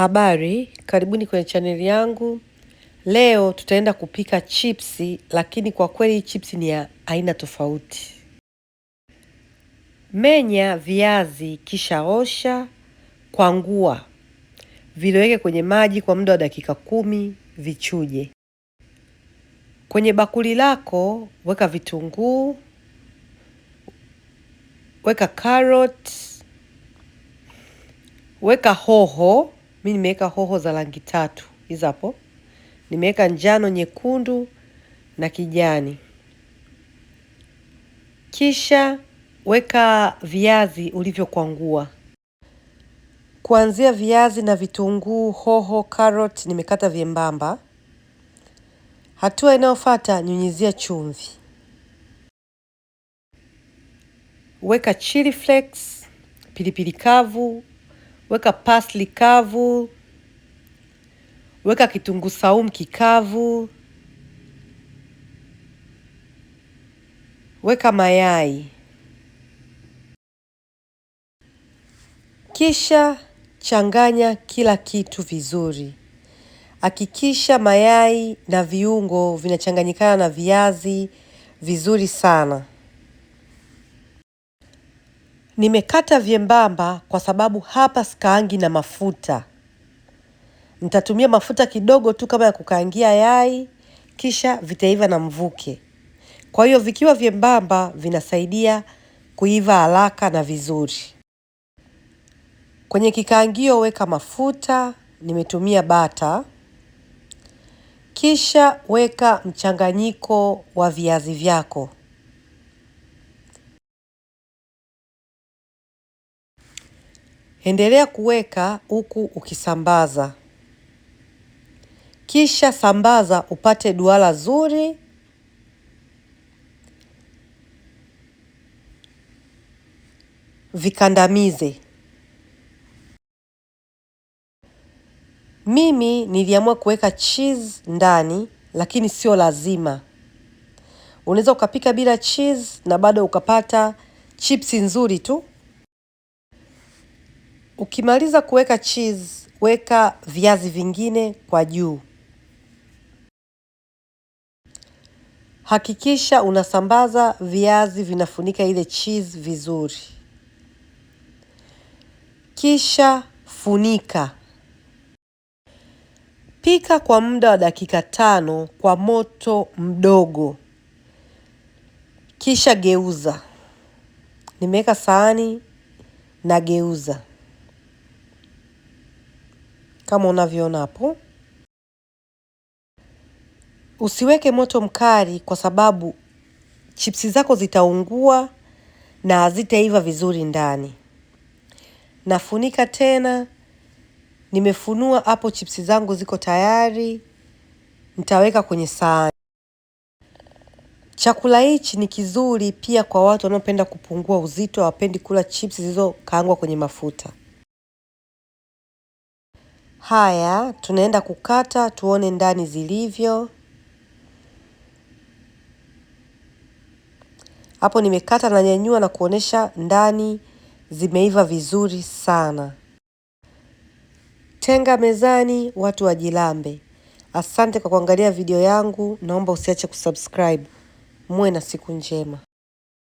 Habari, karibuni kwenye chaneli yangu. Leo tutaenda kupika chipsi, lakini kwa kweli hii chipsi ni ya aina tofauti. Menya viazi kisha osha kwa ngua, viliweke kwenye maji kwa muda wa dakika kumi vichuje. Kwenye bakuli lako weka vitunguu, weka karoti, weka hoho mi nimeweka hoho za rangi tatu hizo hapo, nimeweka njano, nyekundu na kijani. Kisha weka viazi ulivyokwangua, kuanzia viazi na vitunguu, hoho, karoti nimekata vyembamba. Hatua inayofuata nyunyizia chumvi, weka chili flakes, pilipili kavu weka parsley kavu, weka kitungu saumu kikavu, weka mayai, kisha changanya kila kitu vizuri. Hakikisha mayai na viungo vinachanganyikana na viazi vizuri sana. Nimekata vyembamba kwa sababu hapa sikaangi na mafuta. Nitatumia mafuta kidogo tu kama ya kukaangia yai, kisha vitaiva na mvuke. Kwa hiyo vikiwa vyembamba vinasaidia kuiva haraka na vizuri. Kwenye kikaangio weka mafuta, nimetumia bata. Kisha weka mchanganyiko wa viazi vyako. Endelea kuweka huku ukisambaza, kisha sambaza upate duara zuri. Vikandamize. Mimi niliamua kuweka cheese ndani, lakini sio lazima. Unaweza ukapika bila cheese na bado ukapata chipsi nzuri tu. Ukimaliza kuweka cheese, weka viazi vingine kwa juu. Hakikisha unasambaza viazi vinafunika ile cheese vizuri, kisha funika. Pika kwa muda wa dakika tano kwa moto mdogo, kisha geuza. Nimeweka sahani na geuza kama unavyoona hapo. Usiweke moto mkali, kwa sababu chipsi zako zitaungua na hazitaiva vizuri ndani. Nafunika tena. Nimefunua hapo, chipsi zangu ziko tayari, nitaweka kwenye sahani. Chakula hichi ni kizuri pia kwa watu wanaopenda kupungua uzito, hawapendi kula chipsi zilizokaangwa kwenye mafuta. Haya, tunaenda kukata tuone ndani zilivyo. Hapo nimekata na nyanyua na kuonesha ndani zimeiva vizuri sana. Tenga mezani, watu wajilambe. Asante kwa kuangalia video yangu. Naomba usiache kusubscribe. Muwe na siku njema.